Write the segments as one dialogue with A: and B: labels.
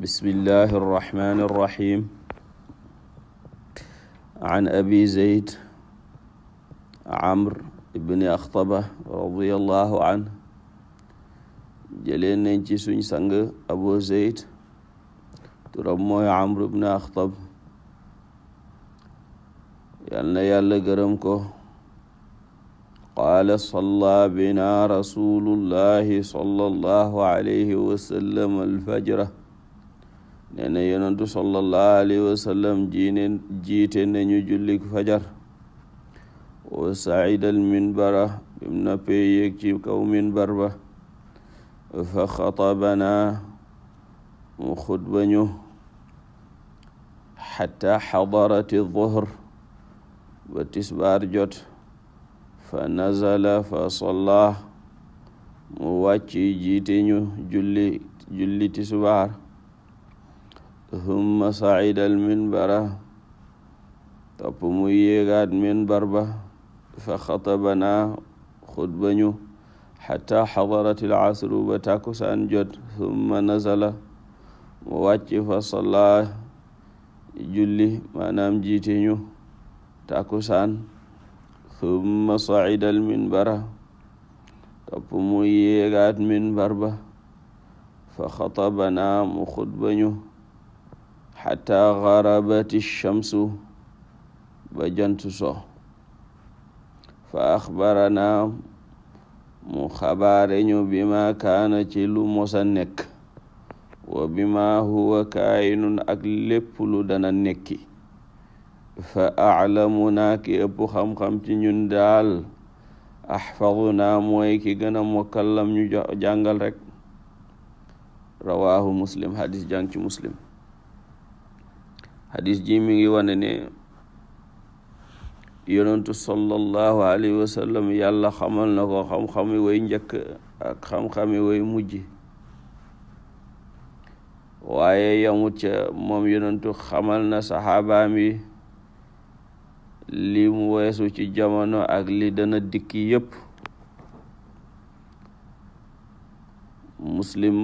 A: bismillahi arrahmani irrahim an abi zeyd amr ibni axtaba radiallahu an jëleen nañ ci suñ sang abu zeyd turam mooy amr ibni axtab yal na yàlla gërëm ko qaala salla bina rasulullahi sallallahu alayhi wa sallam alfajra nee na yonantu sallallahu alayhi wa sallam jiine jiite nañu jullik fajar wa saidal minbara bim noppee yéeg ci kaw minbar fa xatabana mu xutba ñu xata xadarati zuhr ba tisbaar jot fa nazala fa salla mu wàcc jiite julli tisbaar thumma sa'ida al-minbara topp mu yéegaat minbar ba fa xatabanaa xutba ñu xataa xadarat al-asru ba tàkkusaan jot thumma nazala mu wàcc fa sallaa julli maanaam jiite ñu tàkkusaan thumma sa'ida al-minbara topp mu yéegaat minbar ba fa xatabanaa mu xutba ñu xataa garabati shamsu ba jant so fa axbarana mu xabaare ñu bima kaana ci lu mosa nekk wa bima huwa kaayinun ak lépp lu dana nekki fa aclamu naa ki ëpp xam-xam ci ñun daal axfadu naa mooy ki gën a mokkallam ñu jàngal rek rawahu muslim hadis jàng ci muslim xadis ji mi ngi wane ne yonentu sallallahu alayhi wa sallam yàlla xamal na ko xam-xami way njëkk ak xam-xami way mujj waaye yamut ca moom yonentu xamal na saxaabaam yi li mu weesu ci jamono ak li dana dikki yépp muslim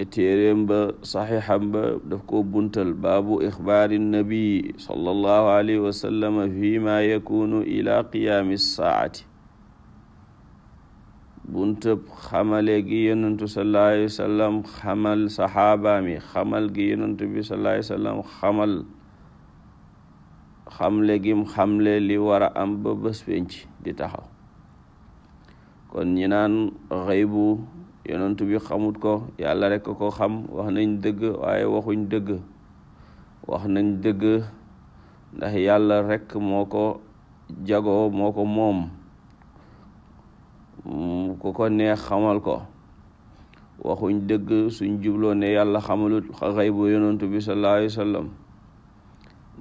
A: E téeréem ba saxiixam ba daf ko buntal baabu ixbaari nabi sallallahu alayhi wa sallam fi ma yakunu ila qiyaami saacati xamale gi yonentu xamal saxaabaami xamal gi yonentu xamal li wara a am ba bés di taxaw kon ñi naan yonent bi xamut ko yàlla rek ko xam wax nañ dëgg waaye waxuñ dëgg wax nañ dëgg ndax yàlla rekk moo ko jagoo moo ko moom mm, ku ko neex xamal ko waxuñ dëgg suñ jubloo ne yàlla xamalut xay bu yonent bi sallallahu alayhi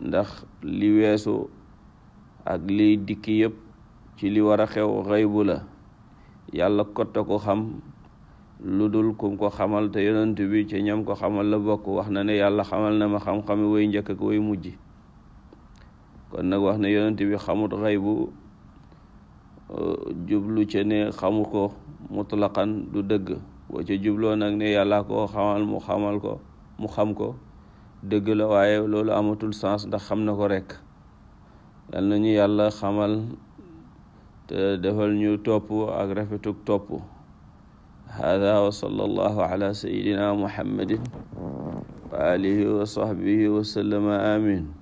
A: ndax li weesu ak liy dikki yépp ci li war a xew xay la yàlla kotta ko xam lu dul kum ko xamal te yonent bi ci ñam ko xamal la bokk wax na ne yàlla xamal na ma xam-xami way njëkk ak way mujj kon nag wax na yonent bi xamut xaybu euh, jublu ca ne xamu ko mutlaqan du dëgg boo ca jubloo nag ne yàlla koo xamal mu xamal ko mu xam ko dëgg la waaye loolu amatul sens ndax xam na ko rek yal nañu yàlla xamal te defal ñu topp ak rafetuk topp hada wa sallallahu ala sayyidina muhammadin wa alihi wa sahbihi wa sallama amin